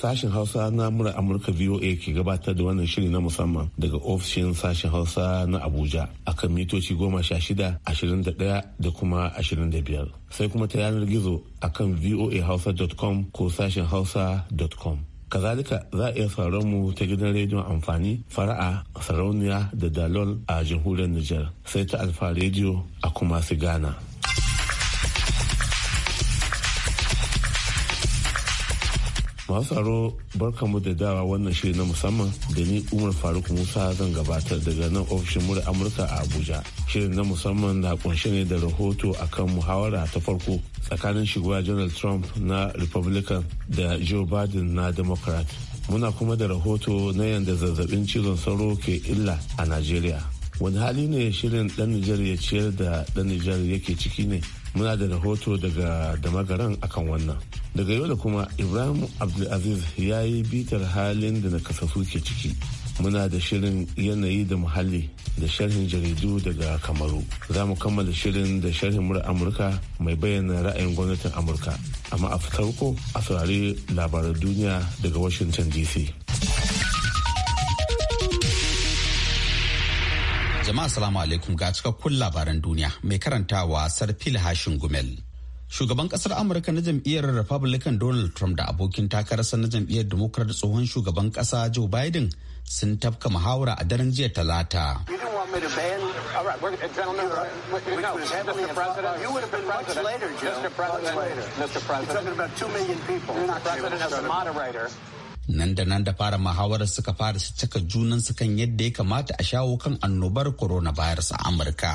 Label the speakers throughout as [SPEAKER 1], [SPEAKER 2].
[SPEAKER 1] sashen hausa na mura amurka voa ke gabatar da wannan shiri na musamman daga ofishin sashen hausa na abuja akan mitoci goma sha shida ashirin da daya da kuma ashirin da biyar sai kuma ta yanar gizo akan voahausa.com ko sashen hausa.com kazalika za a iya sauran mu ta gidan rediyon amfani fara'a sarauniya da dalol a jamhuriyar Nijar, sai ta alfa rediyo a kuma su ghana masu tsaro mu da dawa wannan shirin na musamman da ni umar faruk musa zan gabatar daga nan ofishin mura amurka a abuja shirin na musamman na kunshe ne da rahoto akan muhawara ta farko tsakanin shugaba donald trump na republican da joe biden na democrat muna kuma da rahoto na yadda zazzabin cizon sauro ke illa a najeriya wani hali ne shirin dan nijar ya ciyar da dan nijar yake ciki ne muna da rahoto daga damagaran akan wannan daga yau da kuma ibrahim abdulaziz ya yi bitar halin da kasafu ke ciki muna da shirin yanayi da muhalli da sharhin jaridu daga kamaru za mu kammala shirin da sharhin mura amurka mai bayyana ra'ayin gwamnatin amurka amma a farko a saurari labaran duniya daga washington dc Jama'a salamu alaikum ga cikakkun
[SPEAKER 2] labaran duniya mai karantawa Sarfil Hashin Gumel. Shugaban kasar Amurka na jam'iyyar Republican Donald Trump da abokin takararsa na jam'iyyar Democrat tsohon shugaban kasa Joe Biden sun tafka muhawara a daren jiya talata. nan da nan da fara muhawarar suka fara su cika su kan yadda ya kamata a shawo kan annobar coronavirus a amurka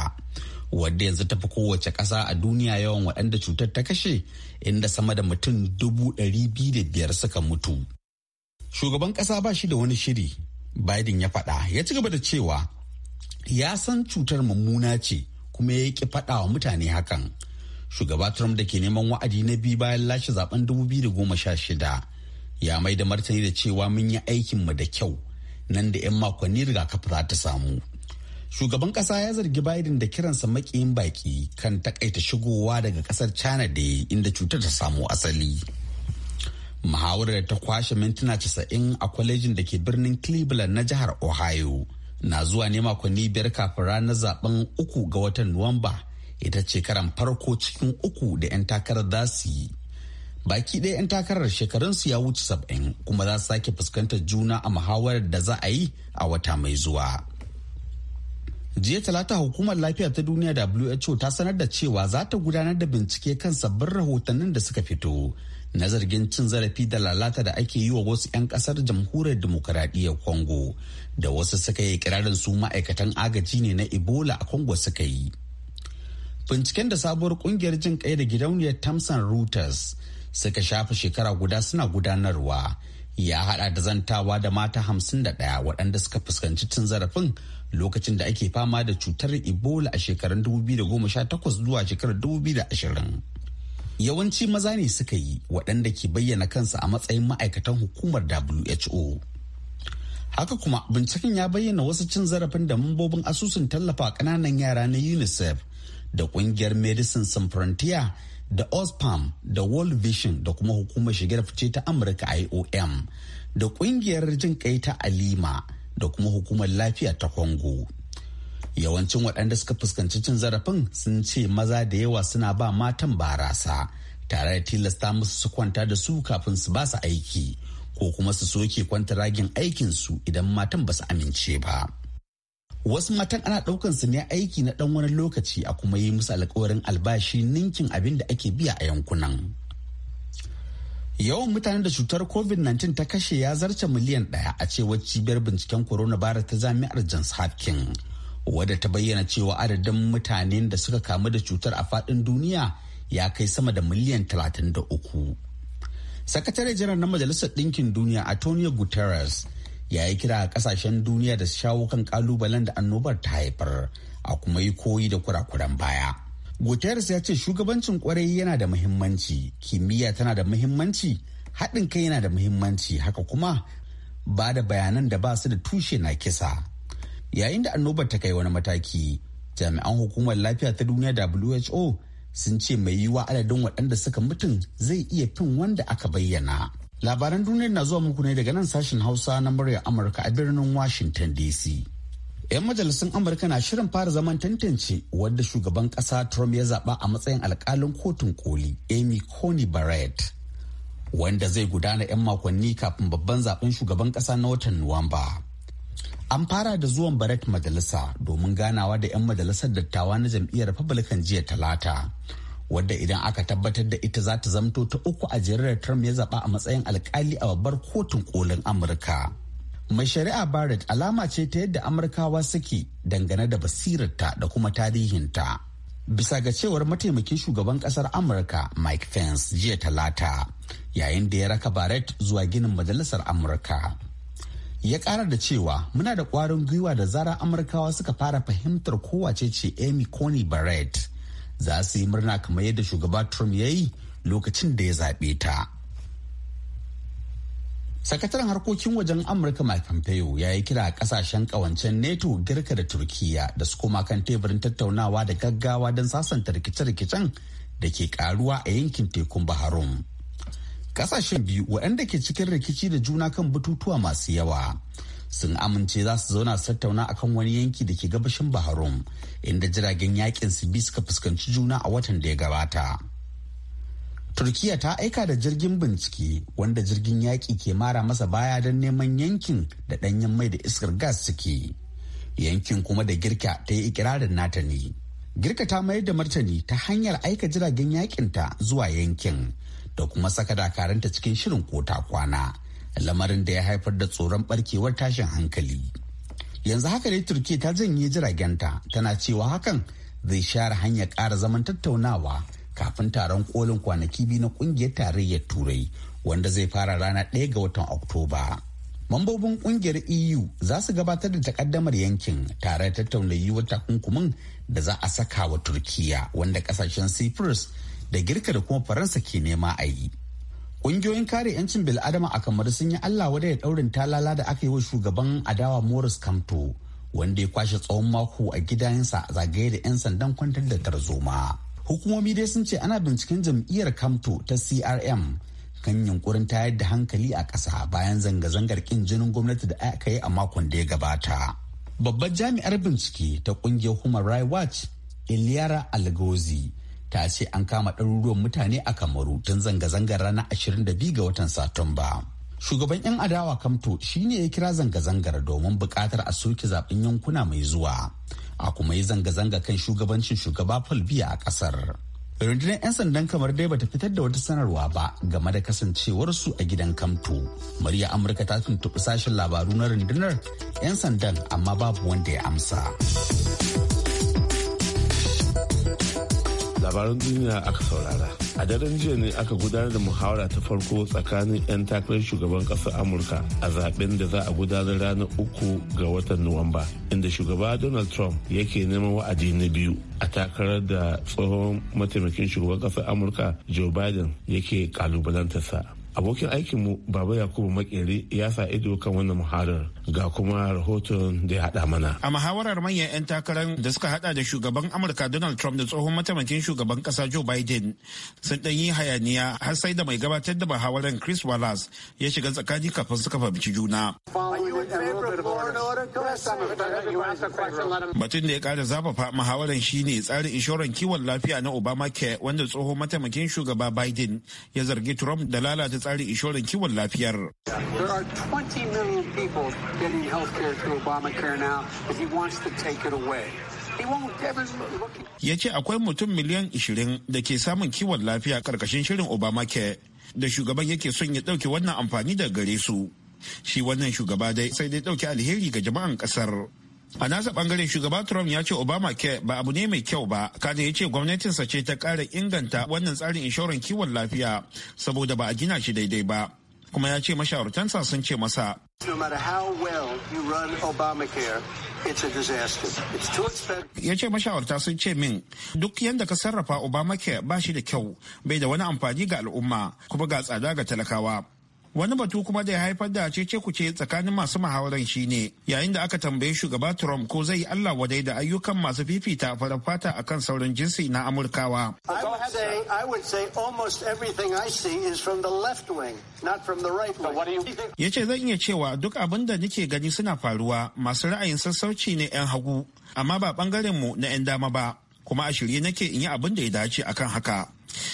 [SPEAKER 2] wadda yanzu ta fi kowace ƙasa a duniya yawan waɗanda cutar ta kashe inda sama da mutum dubu ɗari biyu da biyar suka mutu shugaban ƙasa ba shi da wani shiri biden ya faɗa ya ci gaba da cewa ya san cutar mummuna ce kuma ya ƙi faɗa wa mutane hakan shugaba trump da ke neman wa'adi na biyu bayan lashe zaben shida. ya mai da martani da cewa mun yi aikinmu da kyau nan da 'yan makonni rigakafi za ta samu shugaban kasa ya zargi biden da kiransa makiyin baki kan takaita shigowa daga kasar china da inda cutar ta samu asali muhawarar ta kwashe mintuna 90 a kwalejin da ke birnin cleveland na jihar ohio na zuwa ne makonni biyar kafin ranar zaben uku ga watan nuwamba ita ce karan farko cikin uku da 'yan takarar za su yi baki ɗaya 'yan takarar shekarunsu ya wuce saba'in kuma za su sake fuskantar juna a muhawarar da za a yi a wata mai zuwa jiya talata hukumar lafiya ta duniya who ta sanar da cewa za ta gudanar da bincike kan sabbin rahotannin da suka fito na zargin cin zarafi da lalata da ake yi wa wasu 'yan kasar jamhuriyar demokuraɗiyyar congo da wasu suka yi kirarin su ma'aikatan agaji ne na ebola a congo suka yi binciken da sabuwar kungiyar jin kai da gidauniyar tamsan reuters suka shafa shekara guda suna gudanarwa ya hada da zantawa da mata hamsin da ɗaya waɗanda suka fuskanci cin zarafin lokacin da ake fama da cutar ebola a shekarun 2018 zuwa shekarar 2020 yawanci maza ne suka yi waɗanda ke bayyana kansa a matsayin ma'aikatan hukumar who haka kuma binciken ya bayyana wasu cin zarafin da mambobin asusun tallafa ƙananan yara na unicef da ƙungiyar medicine sans frontier da ospam da world vision da kuma hukumar shigar fice ta amurka iom da kungiyar jin kai ta alima da kuma hukumar lafiya ta congo yawancin waɗanda suka fuskanci cin zarafin sun ce maza da yawa suna ba matan barasa tare da tilasta musu su kwanta da su kafin su basu aiki ko kuma su soke kwanta ragin aikinsu idan matan ba su amince ba. wasu matan ana daukan su ne aiki na ɗan wani lokaci a kuma yi musu alkawarin albashi ninkin abin da ake biya a yankunan yawan mutanen da cutar covid-19 ta kashe ya zarce miliyan ɗaya a cewar cibiyar binciken Corona bara ta jami'ar johns hopkins wadda ta bayyana cewa adadin mutanen da suka kamu da cutar a faɗin duniya ya kai sama da miliyan 33 sakatare janar na majalisar ɗinkin duniya antonio guterres ya yi kira a kasashen duniya da su shawo kan kalubalen da annobar ta haifar a kuma yi koyi da kurakuran baya. Guterres ya ce shugabancin kwarai yana da muhimmanci, kimiyya tana da muhimmanci, haɗin kai yana da muhimmanci, haka kuma ba da bayanan da ba su da tushe na kisa. Yayin da annobar ta kai wani mataki, jami'an hukumar lafiya ta duniya WHO sun ce mai yiwuwa adadin waɗanda suka mutum zai iya fin wanda aka bayyana. Labaran duniyar na zuwa muku ne daga nan sashen Hausa na murya Amurka a birnin Washington DC. 'Yan majalisun Amurka na shirin fara zaman tantance wadda shugaban kasa Trump ya zaɓa a matsayin alkalin kotun koli Amy Coney Barrett. Wanda zai gudana 'yan makonni kafin babban zaben shugaban kasa na watan Nuwamba. An fara da zuwan Barrett majalisa domin ganawa da 'yan majalisar dattawa na jam'iyyar Republican jiya talata. wadda idan aka tabbatar da ita za ta zamto ta uku a jerar Trump ya zaba a matsayin alkali a babbar kotun kolin Amurka. Mai shari'a Barrett alama ce ta yadda Amurkawa suke dangane da basirarta da kuma tarihinta. Bisa ga cewar mataimakin shugaban kasar Amurka Mike Pence jiya talata yayin da ya raka Barrett zuwa ginin majalisar Amurka. Ya kara da cewa muna da kwarin gwiwa da zara Amurkawa suka fara fahimtar kowace ce Amy Coney Barrett. za su yi murna kamar yadda shugaba trump ya yi lokacin da ya zaɓe ta sakataren harkokin wajen amurka mike pompeo ya yi kira a kasashen kawancen neto girka da turkiya da su koma kan teburin tattaunawa da gaggawa don sasanta rikice-rikicen da ke karuwa a yankin tekun baharum kasashen biyu waɗanda ke cikin rikici da juna kan batutuwa masu yawa sun amince za su zauna su tattauna akan wani yanki da ke gabashin baharum inda jiragen yakin su bi suka fuskanci juna a watan da ya gabata turkiya ta aika da jirgin bincike wanda jirgin yaƙi ke mara masa baya don neman yankin da ɗanyen mai da iskar gas suke yankin kuma da girka ta yi ikirarin nata ne girka ta mayar da martani ta hanyar aika jiragen yakinta zuwa yankin da kuma saka dakaranta cikin shirin kota kwana lamarin da ya haifar da tsoron barkewar tashin hankali yanzu haka dai turkiya ta janye jiragen ta tana cewa hakan zai share hanya ƙara zaman tattaunawa kafin taron kolin kwanaki biyu na kungiyar tarayyar turai wanda zai fara rana ɗaya ga watan oktoba mambobin kungiyar eu za su gabatar da takaddamar yankin tare da tattauna yiwuwar takunkumin da za a saka wa turkiya wanda kasashen cyprus da girka da kuma faransa ke nema a yi Ƙungiyoyin kare 'yancin bil'adama a kamar sun yi Allah wadai ya ɗaurin talala da aka yi wa shugaban adawa Morris Kamto wanda ya kwashe tsawon mako a gidansa zagaye da 'yan sandan kwantar da tarzoma. Hukumomi dai sun ce ana binciken jam'iyyar Kamto ta CRM kan yunkurin tayar da hankali a ƙasa bayan zanga-zangar ƙin jinin gwamnati da aka yi a makon da ya gabata. Babbar jami'ar bincike ta ƙungiyar Human Rights Watch Iliyara Algozi ta ce an kama ɗaruruwan mutane a kamaru tun zanga-zangar ranar 22 ga watan satumba shugaban 'yan adawa kamto shine ya kira zanga-zangar domin buƙatar a soke zaben yankuna mai zuwa a kuma yi zanga-zanga kan shugabancin shugaba biya a ƙasar rundunar 'yan sandan kamar dai bata fitar da wata sanarwa ba game da kasancewarsu a gidan kamto murya amurka ta tuntuɓi sashen labaru na rundunar 'yan sandan amma babu wanda ya amsa.
[SPEAKER 1] labaran duniya aka saurara a daren jiya ne aka gudanar da muhawara ta farko tsakanin 'yan takarar shugaban ƙasar amurka a zaben da za a gudanar ranar uku ga watan nuwamba inda shugaba donald trump yake neman wa'adi na biyu a takarar da tsohon mataimakin shugaban ƙasar amurka joe biden yake kalubalantarsa abokin aikinmu baba yakubu makere ya sa ido kan wannan muharar ga kuma rahoton da ya hada mana
[SPEAKER 3] a muhawarar manyan 'yan takarar da suka hada da shugaban amurka donald trump da tsohon mataimakin shugaban kasa joe biden sun dan yi hayaniya har sai da mai gabatar da muhawarar chris wallace ya shiga tsakani kafin suka fahimci juna Batun da ya kara zafafa shi ne tsarin inshoran kiwon lafiya na obama Obamacare wanda tsoho mataimakin shugaba Biden ya zargi Trump da lalata tsarin inshoran kiwon lafiyar. Ya ce akwai mutum miliyan 20 da ke samun kiwon lafiya karkashin shirin Obamacare da shugaban yake son ya ɗauke wannan amfani da gare su. shi wannan shugaba dai sai dai ɗauki alheri ga jama'an ƙasar a nasa bangaren shugaba trump ya ce obama ke ba abu ne mai kyau ba kada ya ce gwamnatinsa ce ta kara inganta wannan tsarin inshoran kiwon lafiya saboda ba a gina shi daidai ba kuma ya ce mashawartansa sun ce masa ya ce mashawarta sun ce min duk yadda ka sarrafa obamacare ba shi da kyau bai da wani amfani ga al'umma kuma ga tsada ga talakawa wani batu kuma da ya haifar da cece ce tsakanin masu muhawaran shine yayin da aka tambaye shugaba trump ko zai allah wadai da ayyukan masu fifita farar fata akan sauran jinsi na amurkawa ya ce zan iya cewa duk abin da nake gani suna faruwa masu ra'ayin sassauci ne 'yan hagu amma ba bangaren mu na 'yan dama ba kuma a shirye nake in yi abin da ya dace akan haka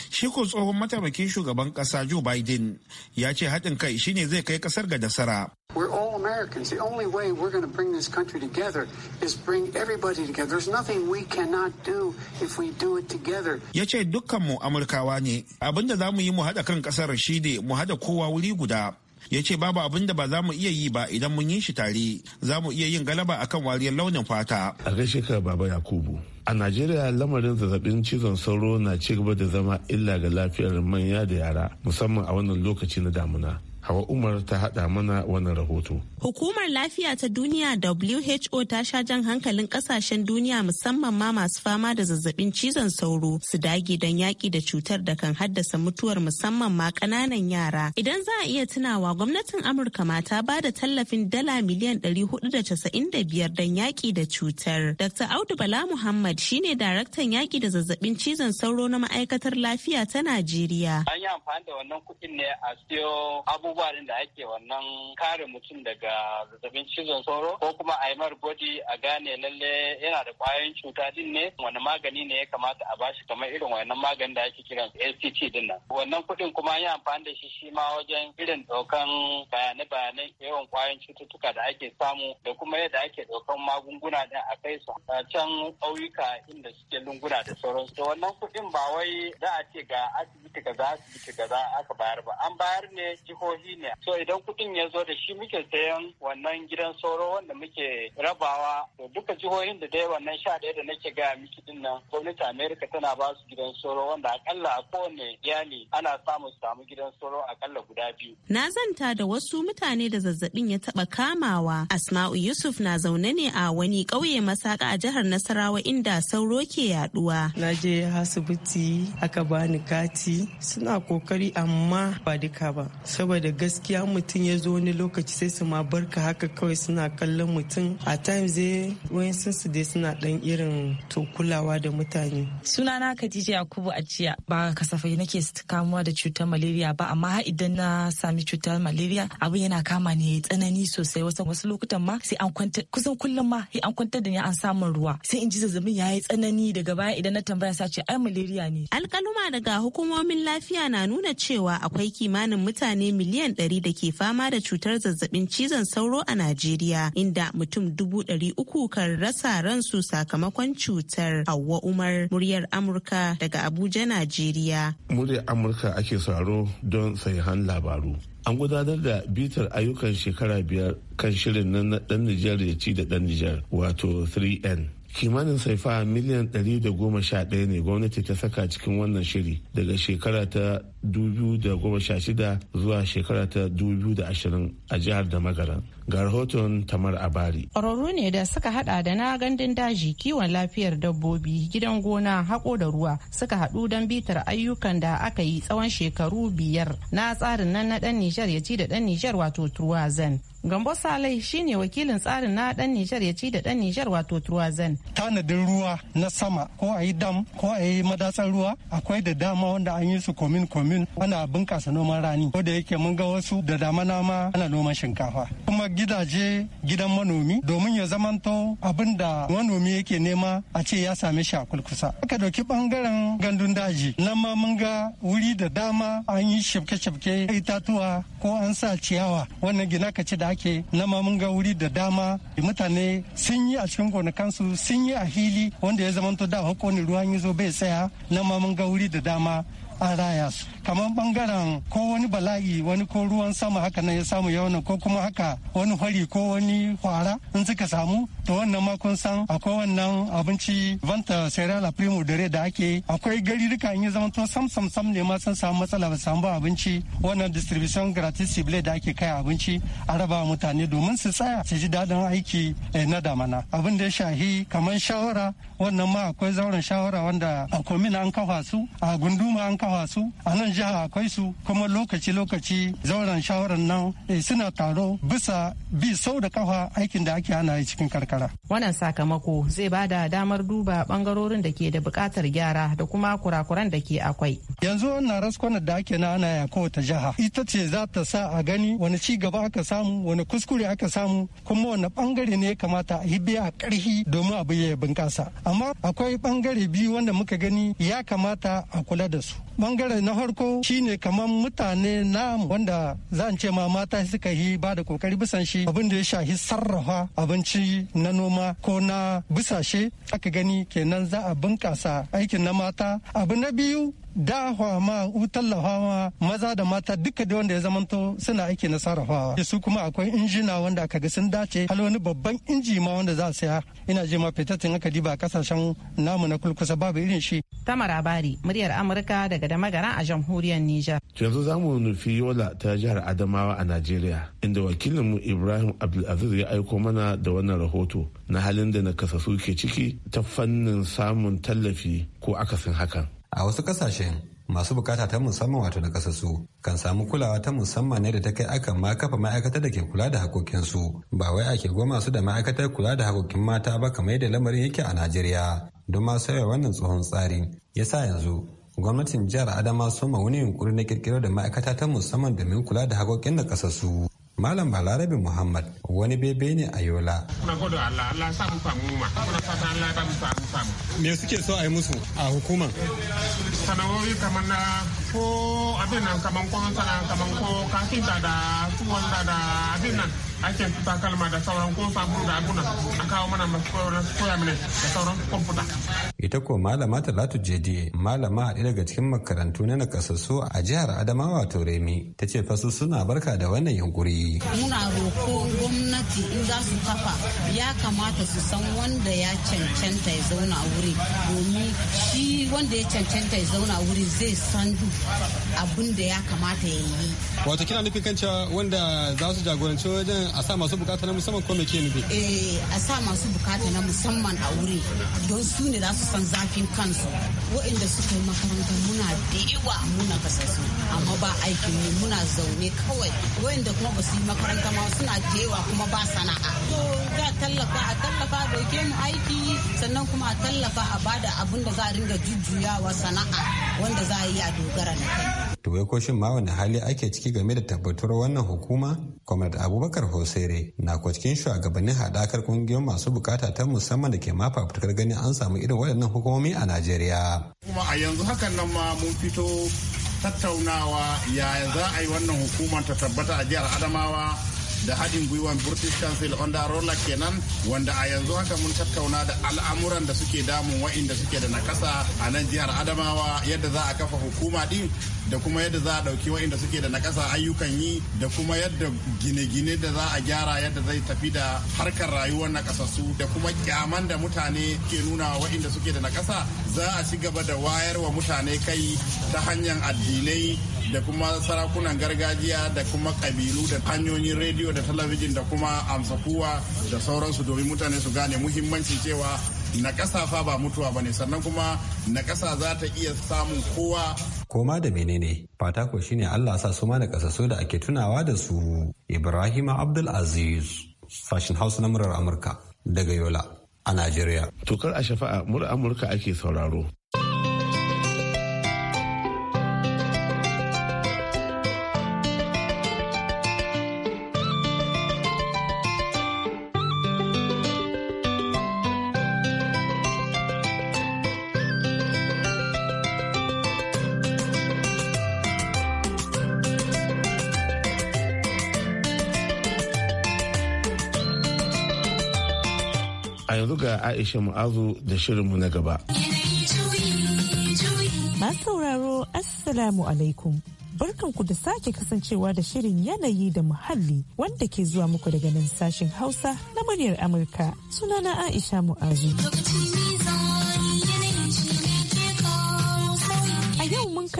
[SPEAKER 3] Shi ko tsohon mataimakin shugaban ƙasa Joe Biden ya ce haɗin kai shine zai kai ƙasar ga nasara.
[SPEAKER 4] We're all Americans. The only way we're going to bring this country together is bring everybody together. There's nothing we cannot do if we do it together.
[SPEAKER 3] Ya ce dukkanmu Amurkawa ne. Abinda za mu yi mu haɗa kan ƙasar shi ne mu haɗa kowa wuri guda. ya ce babu abin da ba za mu iya yi ba idan mun yi shi tare za mu iya yin galaba a kan wariyar launin fata
[SPEAKER 1] a gaishe ka baba yakubu a najeriya lamarin zazzabin cizon sauro na ci gaba da zama illa ga lafiyar manya da yara musamman a wannan lokaci na damuna Hawa Umar ta haɗa mana wannan rahoto.
[SPEAKER 5] Hukumar Lafiya ta Duniya WHO ta sha jan hankalin ƙasashen duniya musamman ma masu fama da zazzabin cizon sauro su dage don yaki da cutar da kan haddasa mutuwar musamman ma ƙananan yara. Idan za a iya tunawa gwamnatin Amurka ma ta ba da tallafin dala miliyan 495 don yaƙi da cutar. Dr. Audu Bala Muhammad shine daraktan yaki da zazzabin cizon sauro na ma'aikatar lafiya ta Najeriya.
[SPEAKER 1] An amfani da wannan
[SPEAKER 6] kuɗin ne a siyo abu abubuwa ne da ake wannan kare mutum daga zazzabin cizon sauro ko kuma a yi mar gwaji a gane lalle yana da kwayoyin cuta din ne wani magani ne ya kamata a bashi kamar irin wannan magani da ake kiran ACT din nan. Wannan kuɗin kuma an yi amfani da shi shi ma wajen irin ɗaukan bayanai-bayanai yawan kwayoyin cututtuka da ake samu da kuma yadda ake ɗaukan magunguna din a kai su can ƙauyuka inda suke lunguna da sauransu. to wannan kuɗin ba wai za a ce ga asibiti kaza asibiti kaza aka bayar ba an bayar ne jihohi ne so idan kuɗin ya zo da shi muke sayan wannan gidan sauro wanda muke rabawa to duka jihohin da dai wannan sha ɗaya da nake gaya miki din nan gwamnati america tana ba su gidan sauro wanda akalla a kowane iyali ana samun samu gidan sauro akalla
[SPEAKER 5] guda biyu. na zanta da wasu mutane da zazzabin ya taɓa kamawa asma'u yusuf na zaune ne a wani ƙauye masaka a jihar nasarawa inda sauro ke yaduwa. na je asibiti aka bani kati suna kokari amma ba duka ba saboda da gaskiya mutum ya zo wani lokaci sai su ma barka haka kawai suna kallon mutum a times dai wayansu su dai suna dan irin to kulawa da
[SPEAKER 7] mutane suna sunana Khadija Yakubu ajiya ba kasafai nake kamuwa da cutar malaria ba amma ha idan na sami cutar malaria abu yana kama ne tsanani sosai wasu wasu lokutan ma sai an kwanta kusan kullum ma sai an kwanta da ni an samun ruwa sai in ji zazzabin yayi tsanani daga baya idan na tambaya sace ai malaria ne
[SPEAKER 5] alkaluma daga hukumomin lafiya na nuna cewa akwai kimanin mutane miliyan miliyan 100 da ke fama da cutar zazzabin cizon sauro a Najeriya inda mutum dubu ɗari uku kan rasa ransu sakamakon cutar Hauwa Umar muryar Amurka daga Abuja, Najeriya.
[SPEAKER 1] Muryar Amurka ake sauraro don sahihan labaru. An gudanar da bitar ayyukan shekara biyar kan shirin na ɗan Nijar ya ci da ɗan Nijar wato 3N. kimanin saifa miliyan 111 ne gwamnati ta saka cikin wannan shiri daga shekara ta 2016 zuwa shekara ta 2020 a jihar da ga rahoton tamar abari.
[SPEAKER 5] Ƙwararru ne da suka hada da na gandun daji kiwon lafiyar dabbobi gidan gona hako da ruwa suka haɗu don bitar ayyukan da aka yi tsawon shekaru biyar na tsarin nan na ɗan Nijar ya ci da ɗan Nijar wato Truwazan. Gambo Salai shine wakilin tsarin na ɗan Nijar ya ci da ɗan Nijar wato Truwazan.
[SPEAKER 4] Tanadin ruwa na sama ko a yi dam ko a yi madatsar ruwa akwai da dama wanda an yi su komin komin domin ana bunkasa noman rani ko da yake mun ga wasu da damana ma ana noman shinkafa kuma gidaje gidan manomi domin ya zamanto abin da manomi yake nema a ce ya sami shi a kulkusa aka dauki bangaren gandun daji nan ma mun ga wuri da dama an yi shafke shifke itatuwa ko an sa ciyawa wannan gina ka ce da ake nan ma mun ga wuri da dama mutane sun yi a cikin gonakansu sun yi a hili wanda ya zamanto da hakoni ruwan yi zo bai tsaya nan ma mun ga wuri da dama an raya su kamar bangaren ko wani bala'i wani ko ruwan sama haka nan ya samu yawan ko kuma haka wani fari ko wani kwara in suka samu to wannan ma kun san akwai wannan abinci vanta cereal primo dare da ake akwai gari duka in ya zama to sam sam sam ne ma sun samu matsala ba samu abinci wannan distribution gratis sible da ake kai abinci a raba mutane domin su tsaya su ji daɗin aiki eh, na damana abin da ya shahi kamar shawara wannan ma akwai zauren shawara wanda a komin an kafa su a gunduma an kafa su a nan jiha akwai su kuma lokaci-lokaci zauren shawarar nan eh, suna taro bisa bi sau da kafa aikin da ake ana yi cikin karkara.
[SPEAKER 5] Wannan sakamako zai ba da damar duba bangarorin da ke da bukatar gyara da kuma kurakuran da ke akwai.
[SPEAKER 4] Yanzu wannan raskwana da ake na ana ya kowace jiha ita ce za ta sa a gani wani ci gaba aka samu wani kuskure aka samu kuma wani bangare ne ya kamata a yi biya a karhi domin abu ya bunkasa. amma akwai bangare biyu wanda muka gani ya kamata a kula da su bangare na farko shine kamar mutane na wanda zan ce ma mata suka yi ba da kokari bisan shi abin da ya shahi sarrafa abinci na noma ko na bisashe aka gani kenan za a bunkasa aikin na mata abu na biyu dawa ma tallafawa maza da mata duka da wanda ya zamanto suna aiki na sarrafawa da su kuma akwai injina wanda aka ga sun dace hal wani babban inji ma wanda za a saya ina je ma fitattun aka diba kasashen namu na kulkusa babu irin shi tamara bari
[SPEAKER 5] muryar amurka daga magana a jamhuriyar niger
[SPEAKER 4] yanzu za mu
[SPEAKER 1] nufi yola ta jihar adamawa a najeriya inda wakilinmu ibrahim abdulaziz ya aiko mana da wannan rahoto na halin da nakasassu ke ciki ta fannin samun tallafi ko akasin hakan a wasu kasashen masu bukata ta musamman wato na kasarsu kan
[SPEAKER 8] samu kulawa ta musamman ne da ta kai akan ma kafa ma'aikatar da ke kula da hakokinsu ba wai ake goma su da ma'aikatar kula da hakokin mata ba kamar yadda lamarin yake a najeriya don ma sauya wannan tsohon tsarin sa yanzu gwamnatin jihar adama soma wani yunkuri na kirkiro da ma'aikata ta musamman domin kula da hakokin da kasarsu Malam Balarabe Muhammad wani bebe ne a Yola.
[SPEAKER 9] Muna godo Allah, Allah sa mu samu ma. Muna fata Allah ba mu samu samu.
[SPEAKER 8] Me suke so a yi musu a hukuma?
[SPEAKER 9] Sana'o'i kamar na ko abin nan kamar ko sana kamar ko kafinta da tuwon da abin nan. ake su takalma da sauran ko sabulu da abuna a kawo mana masu koya mana da sauran kwamfuta.
[SPEAKER 8] Ita ko malama Talatu Jede malama a daga cikin makarantu na nakasassu a jihar Adamawa Toremi ta ce fasu suna barka da wannan yunkuri.
[SPEAKER 5] Muna roko gwamnati in za su kafa ya kamata su san wanda ya cancanta ya zauna a wuri domin shi wanda ya cancanta ya zauna a wuri zai san abin da ya kamata ya yi.
[SPEAKER 8] Wato kina nufin kan cewa wanda za su jagoranci wajen a sa masu bukata na musamman ko me ke nufi
[SPEAKER 5] eh a sa masu bukata na musamman a wuri don su ne za su san zafin kansu Wa'inda suka yi makaranta muna da yawa muna kasasu amma ba aikin ne muna zaune kawai Wa'inda kuma ba su yi makaranta ma suna da kuma ba sana'a to za tallafa a tallafa dauke mu aiki sannan kuma a tallafa a bada abin da za a ringa jujjuyawa sana'a wanda za a yi a dogara na kai
[SPEAKER 8] to wai shin ma wani hali ake ciki game da tabbatar wannan hukuma comrade abubakar hosere na cikin shugabannin haɗakar kungiyoyin masu bukata ta musamman da ke ma fafutukar ganin an samu irin waɗannan hukumomi a
[SPEAKER 3] najeriya kuma a yanzu hakan nan ma mun fito tattaunawa yaya za a yi wannan hukumar ta tabbata a jihar adamawa da haɗin gwiwan british council onda rola kenan wanda a yanzu haka mun tattauna da al'amuran da suke damun wa'inda suke da nakasa a nan jihar adamawa yadda za a kafa hukuma din da kuma yadda za a ɗauki wa'inda suke da nakasa ayyukan yi da kuma yadda gine-gine da za a gyara yadda zai tafi da harkar rayuwar nakasassu da kuma kyaman da mutane ke nuna wa'inda suke da nakasa za a ci gaba da wayar wa mutane kai ta hanyar addinai da kuma sarakunan gargajiya da kuma kabilu da hanyoyin rediyo da talabijin da kuma amsakuwa da sauransu domin mutane su gane muhimmancin cewa na fa ba mutuwa ba ne sannan kuma na ƙasa za ta iya samun kowa koma da menene
[SPEAKER 8] fata ko shine Allah sa su ma da da ake tunawa da su Ibrahim Abdul Aziz fashion house na
[SPEAKER 1] murar Amurka daga Yola a Najeriya Tokar a shafa'a murar Amurka ake sauraro yanzu ga Aisha Mu'azu da shirinmu na gaba.
[SPEAKER 7] Masu sauraro Assalamu alaikum. Barkanku da sake kasancewa da shirin yanayi da muhalli wanda ke zuwa muku daga nan sashen Hausa na muryar Amurka. Sunana Aisha Mu'azu.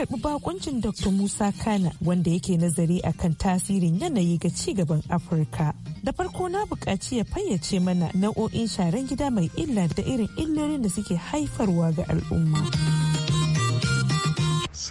[SPEAKER 7] karbi bakuncin Dr. Musa Kana wanda yake nazari akan tasirin yanayi ga ci gaban Afirka. Da farko na bukaci ya fayyace mana nau'o'in sharan gida mai illa da irin illolin da suke haifarwa ga
[SPEAKER 9] al'umma.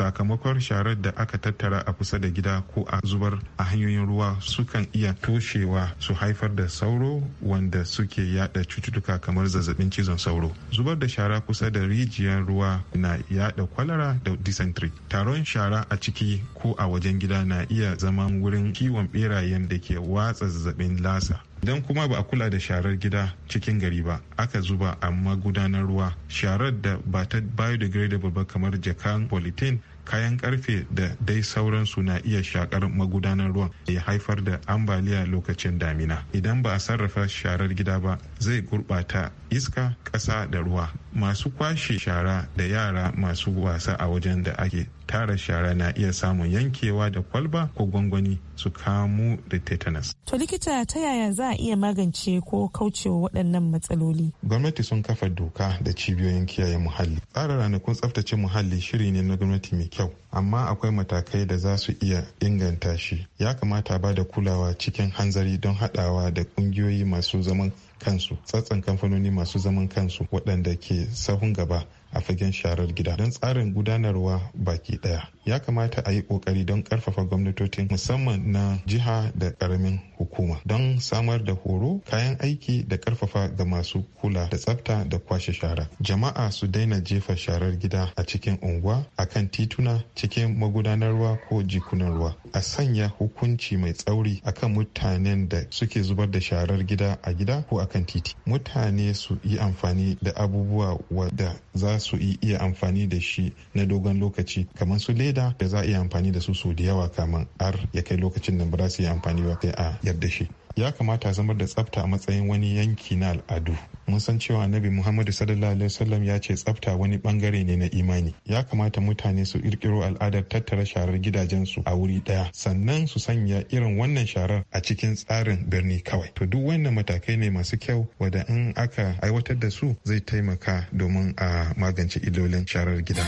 [SPEAKER 9] sakamakon sharar da aka tattara a kusa da gida ko a zubar a hanyoyin ruwa sukan iya toshewa su haifar da sauro wanda suke yada cututtuka kamar zazzabin cizon sauro zubar da shara kusa da rijiyar ruwa na yada kwalara da dysentery taron shara a ciki ko a wajen gida na iya zama wurin kiwon berayen da ke watsa zazzabin lasa idan kuma ba a kula da sharar gida cikin gari ba aka zuba amma gudanar ruwa sharar da ba ta biodegradable ba kamar jakan polythene kayan karfe da dai sauransu na iya shakar magudanar ruwan ya haifar da ambaliya lokacin damina idan ba a sarrafa sharar gida ba zai gurɓata iska ƙasa da ruwa masu kwashe shara da yara masu wasa a wajen da ake tara shara na iya samun yankewa da kwalba ko gwangwani su kamu da tetanus.
[SPEAKER 7] To likita ta yaya za a iya magance ko kaucewa waɗannan matsaloli?
[SPEAKER 9] Gwamnati sun kafa doka da cibiyoyin kiyaye muhalli. Tsara ranakun tsaftace muhalli shiri ne na gwamnati mai kyau, amma akwai matakai da za su iya inganta shi. Ya kamata ba da kulawa cikin hanzari don haɗawa da ƙungiyoyi masu zaman kansu, tsatsan kamfanoni masu zaman kansu waɗanda ke sahun gaba a fagen sharar gida don tsarin gudanarwa baki daya ya kamata a yi kokari don karfafa gwamnatocin musamman na jiha da karamin hukuma don samar da horo kayan aiki da karfafa ga masu kula da tsafta da kwashe shara jama'a su daina jefa sharar gida a cikin unguwa a kan tituna cikin magudanar ruwa ko jikunan ruwa a sanya hukunci mai tsauri a kan mutanen da suke zubar da sharar gida a gida ko a kan titi mutane su yi amfani da abubuwa wadda za su iya amfani da shi na dogon lokaci kamar su leda gida da za a iya amfani da su sau da yawa kamin har ya kai lokacin da ba za su yi amfani ba sai a yarda shi ya kamata a zamar da tsafta a matsayin wani yanki na al'adu mun san cewa annabi muhammadu sallallahu alaihi wasallam ya ce tsafta wani bangare ne na imani ya kamata mutane su kirkiro al'adar tattara sharar gidajensu a wuri daya sannan su sanya irin wannan sharar a cikin tsarin birni kawai to duk wannan matakai ne masu kyau wada in aka aiwatar da su zai taimaka domin a magance illolin sharar gida.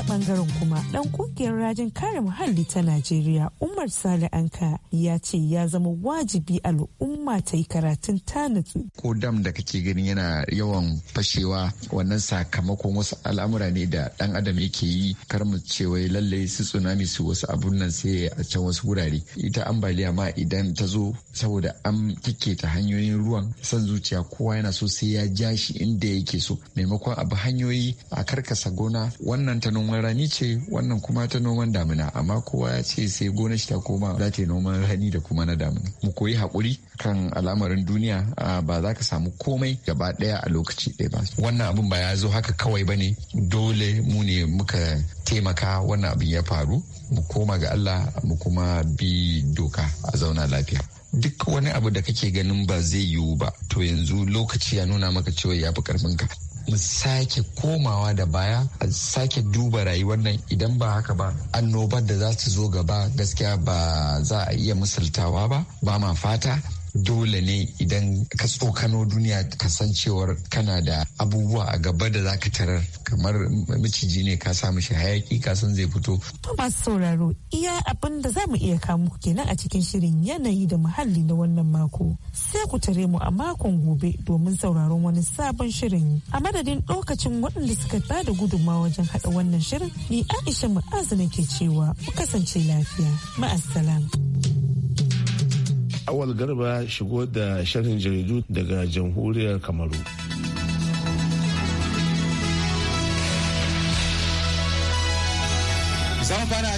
[SPEAKER 7] ta bangaren kuma dan kungiyar rajin kare muhalli ta najeriya umar sale anka ya ce ya zama wajibi al'umma ta yi karatun tanatu
[SPEAKER 10] ko dam da kake ganin yana yawan fashewa wannan sakamakon wasu al'amura ne da dan adam yake yi kar mu ce wai lalle su tsunami su wasu abun nan sai a can wasu wurare ita ambaliya ma idan ta zo saboda an kike ta hanyoyin ruwan san zuciya kowa yana so sai ya ja shi inda yake so maimakon abu hanyoyi a karkasa gona wannan ta noma noman rani ce wannan kuma ta noman damina amma kowa ya ce sai gona shi ta koma za ta noman rani da kuma na damina mu koyi hakuri kan al'amarin duniya ba za ka samu komai gaba daya a lokaci ɗaya ba wannan abin ba ya zo haka kawai ba ne dole mu ne muka taimaka wannan abin ya faru mu koma ga Allah mu kuma bi doka a zauna lafiya duk wani abu da kake ganin ba zai yiwu ba to yanzu lokaci ya nuna maka cewa ya fi karfinka mu sake komawa da baya a sake duba rayuwar nan idan ba haka ba annobar da za su zo gaba gaskiya ba za a iya misaltawa ba ba ma fata dole ne idan ka tsokano duniya kasancewar kana da abubuwa a gaba da zaka tarar kamar maciji ne ka sa shi hayaki ka san zai fito.
[SPEAKER 7] To masu sauraro iya abin da za mu iya kamu kenan a cikin shirin yanayi da muhalli na wannan mako. Sai ku tare mu a makon gobe domin sauraron wani sabon shirin. A madadin lokacin waɗanda suka ba da gudunmawa wajen haɗa wannan shirin ni Aisha Mu'azu ke cewa ku kasance lafiya. Ma'assalam.
[SPEAKER 3] Awal
[SPEAKER 1] Garba shigo da shirin jaridu daga jamhuriyar Kamaru.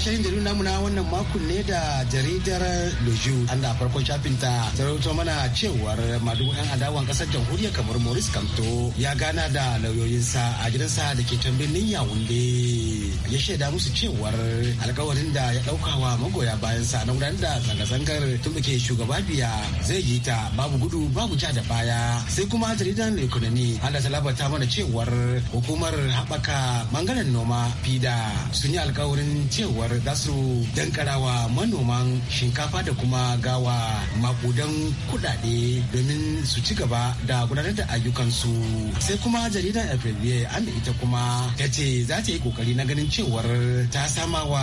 [SPEAKER 6] shahin jaridu namu na wannan makon ne da jaridar Lujo. an da farkon shafin ta sarauta mana cewar madugu yan adawan kasar jamhuriyar kamar Maurice Kamto ya gana da lauyoyinsa a gidansa da ke tambin wunde. ya shaida musu cewar alkawarin da ya ɗaukawa magoya bayansa na wurin da zanga-zangar tumbuke shugaba biya zai yi ta babu gudu babu ja da baya sai kuma jaridar Lekunani Allah ta labarta mana cewar hukumar haɓaka bangaren noma fida sun yi alkawarin cewar za su wa manoman shinkafa da kuma gawa makudan kudade domin su ci gaba da gudanar da ayyukansu sai kuma jaridar april an ita kuma ta ce za ta yi kokari na ganin cewar ta sama wa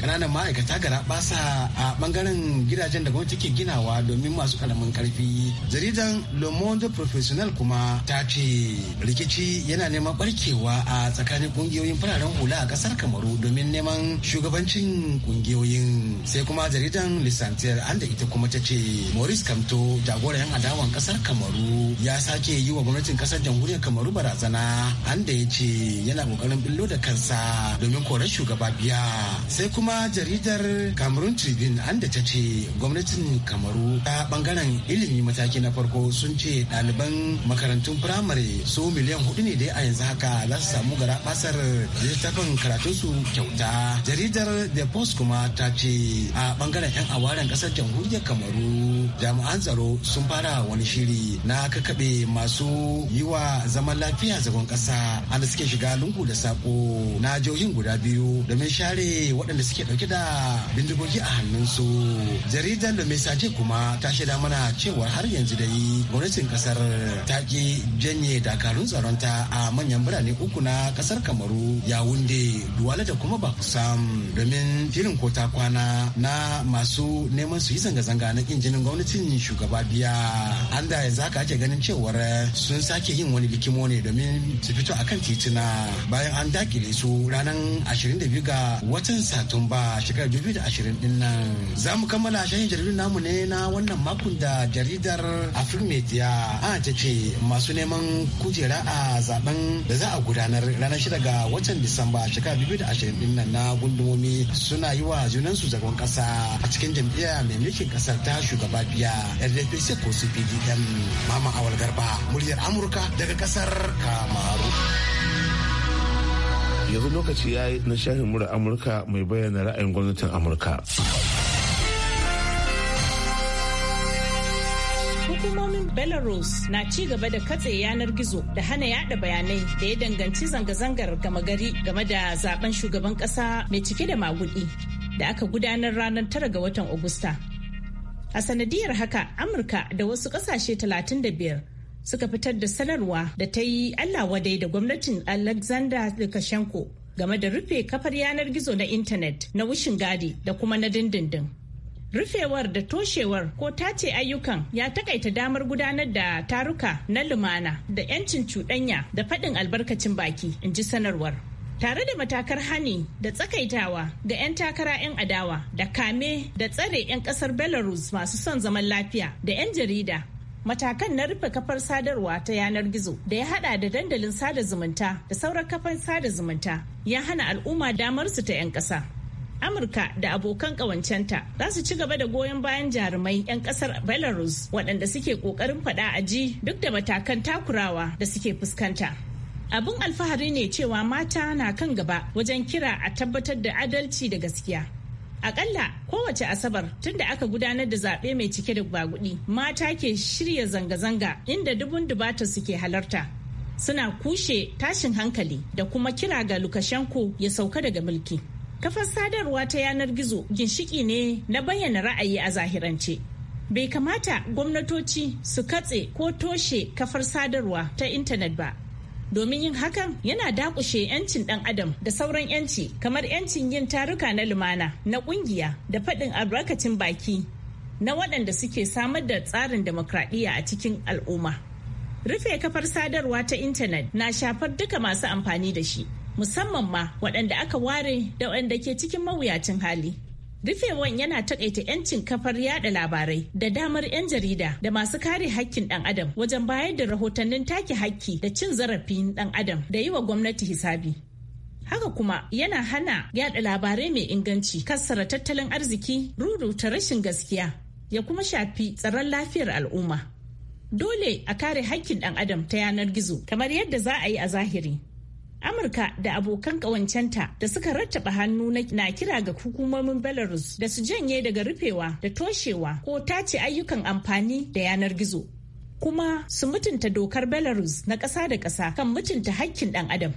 [SPEAKER 6] ƙananan ma'aikata gara basa a bangaren gidajen da gwamnati ke ginawa domin masu karamin karfi jaridan le monde professionnel kuma ta ce rikici yana neman barkewa a tsakanin kungiyoyin fararen hula a kasar kamaru domin neman shugaban shugabancin kungiyoyin sai kuma jaridan lissantiyar an da ita kuma ta ce maurice kamto jagoran adawan kasar kamaru ya sake yi wa gwamnatin kasar jamhuriyar kamaru barazana an da ya ce yana kokarin billo da kansa domin korar shugaba biya sai kuma jaridar cameroon tribune an da ta ce gwamnatin kamaru ta bangaren ilimi mataki na farko sun ce ɗaliban makarantun firamare su miliyan hudu ne dai a yanzu haka za su samu gara basar littafin su kyauta jaridar jaridar the post kuma ta ce a bangaren 'yan awaren kasar jamhuriyar kamaru jami'an tsaro sun fara wani shiri na kakaɓe masu yi wa zaman lafiya zagon ƙasa an suke shiga lungu da sako na jihohin guda biyu domin share waɗanda suke ɗauke da bindigogi a hannunsu jaridar da mesaje kuma ta shaida mana cewa har yanzu dai gwamnatin ƙasar ta ki janye dakarun tsaron ta a manyan birane uku na ƙasar kamaru yawunde duwala da kuma bakusam domin shirin ko ta kwana na masu neman su yi zanga-zanga na kin jinin gwamnatin shugaba biya an da yanzu haka ake ganin cewar sun sake yin wani likimo ne domin su fito akan tituna bayan an dakile su ranar 22 ga watan satumba shekarar 2020 din nan za mu kammala shahin jaridun namu ne na wannan makon da jaridar afrin media ana ah, ta ce masu neman kujera a zaben da za a gudanar ranar shida ga watan disamba shekarar 2020 din nan na gundumomi hukumomi suna yi wa junansu zagon kasa a cikin jam'iyya mai mulkin kasar ta shugaba biya rfc ko pdm mama awal garba muryar amurka daga kasar
[SPEAKER 1] kamaru yanzu lokaci ya yi na shahin mura amurka mai bayyana ra'ayin gwamnatin amurka
[SPEAKER 11] belarus na ci gaba da katse yanar gizo da hana yada bayanai da ya danganci zanga-zangar gama gari game da zaben shugaban kasa mai cike da magudi da aka gudanar ranar 9 ga watan agusta a sanadiyar haka amurka da wasu kasashe 35 suka fitar da sanarwa da ta yi allah wadai da gwamnatin alexander lukashenko game da rufe kafar yanar gizo na intanet na wushin gadi da kuma na dindindin Rufewar da toshewar ko tace ayyukan ya takaita damar gudanar da taruka na lumana da 'yancin cuɗanya da faɗin albarkacin baki, in ji sanarwar. Tare da matakar hani da tsakaitawa ga 'yan takara 'yan adawa da kame da tsare 'yan ƙasar Belarus masu son zaman lafiya da 'yan jarida matakan na rufe kafar sadarwa ta yanar gizo da ya hada da dandalin sada zumunta da sauran kafar sada zumunta ya hana al'umma damar su ta 'yan ƙasa. amurka da abokan ƙawancenta za su ci gaba da goyon bayan jarumai 'yan ƙasar belarus waɗanda suke ƙoƙarin faɗa a ji duk da matakan takurawa da suke fuskanta abin alfahari ne cewa mata na kan gaba wajen kira a tabbatar da adalci da gaskiya akalla kowace asabar tunda aka gudanar da zaɓe mai cike da bagudi mata ke shirya zanga-zanga inda dubun dubata suke halarta suna kushe tashin hankali da kuma kira ga lukashenko ya sauka daga mulki Kafar sadarwa ta yanar gizo ginshiki ne na bayyana ra'ayi a zahirance. Bai kamata gwamnatoci su katse ko toshe kafar sadarwa ta intanet ba. Domin yin hakan yana dakushe 'yancin ɗan adam da sauran 'yanci kamar 'yancin yin taruka na lumana na ƙungiya da faɗin albarkacin baki na waɗanda suke samar da tsarin demokradiyya a cikin al'umma. Rufe kafar sadarwa ta intanet na shafar duka masu amfani da shi. musamman ma waɗanda aka ware da waɗanda ke cikin mawuyacin hali. Rufewan yana taƙaita 'yancin kafar yaɗa labarai da damar 'yan jarida da masu kare hakkin ɗan adam wajen bayar da rahotannin take hakki da cin zarafin ɗan adam da yi wa gwamnati hisabi. Haka kuma yana hana yaɗa labarai mai inganci kassara tattalin arziki ruruta rashin gaskiya ya kuma shafi tsaron lafiyar al'umma. Dole a kare hakkin ɗan adam ta yanar gizo kamar yadda za a yi a zahiri. Amurka da abokan ƙawancenta da suka rattaba hannu na kira ga hukumomin Belarus da su janye daga rufewa da toshewa ko tace ayyukan amfani da yanar gizo. Kuma su mutunta dokar Belarus na ƙasa da ƙasa kan mutunta hakkin ɗan adam.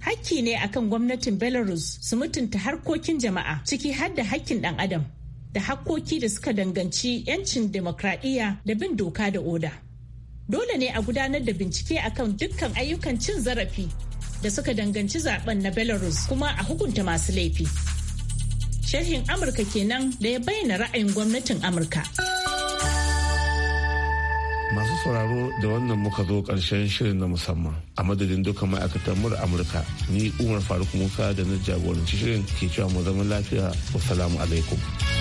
[SPEAKER 11] Hakki ne akan gwamnatin Belarus su mutunta harkokin jama'a ciki har da hakkin ɗan adam da hakkoki da suka danganci 'yancin demokradiyya da bin doka da oda. Dole ne a gudanar da bincike akan dukkan ayyukan cin zarafi da suka danganci zaben na Belarus kuma a hukunta masu laifi. Sharhin Amurka kenan da ya bayyana ra'ayin gwamnatin Amurka.
[SPEAKER 1] Masu sauraro da wannan muka zo ƙarshen shirin na musamman a madadin duka ma'aikatan mura Amurka ni Umar Faruk Musa da na jagoranci shirin ke cewa mu zama lafiya. Wassalamu alaikum.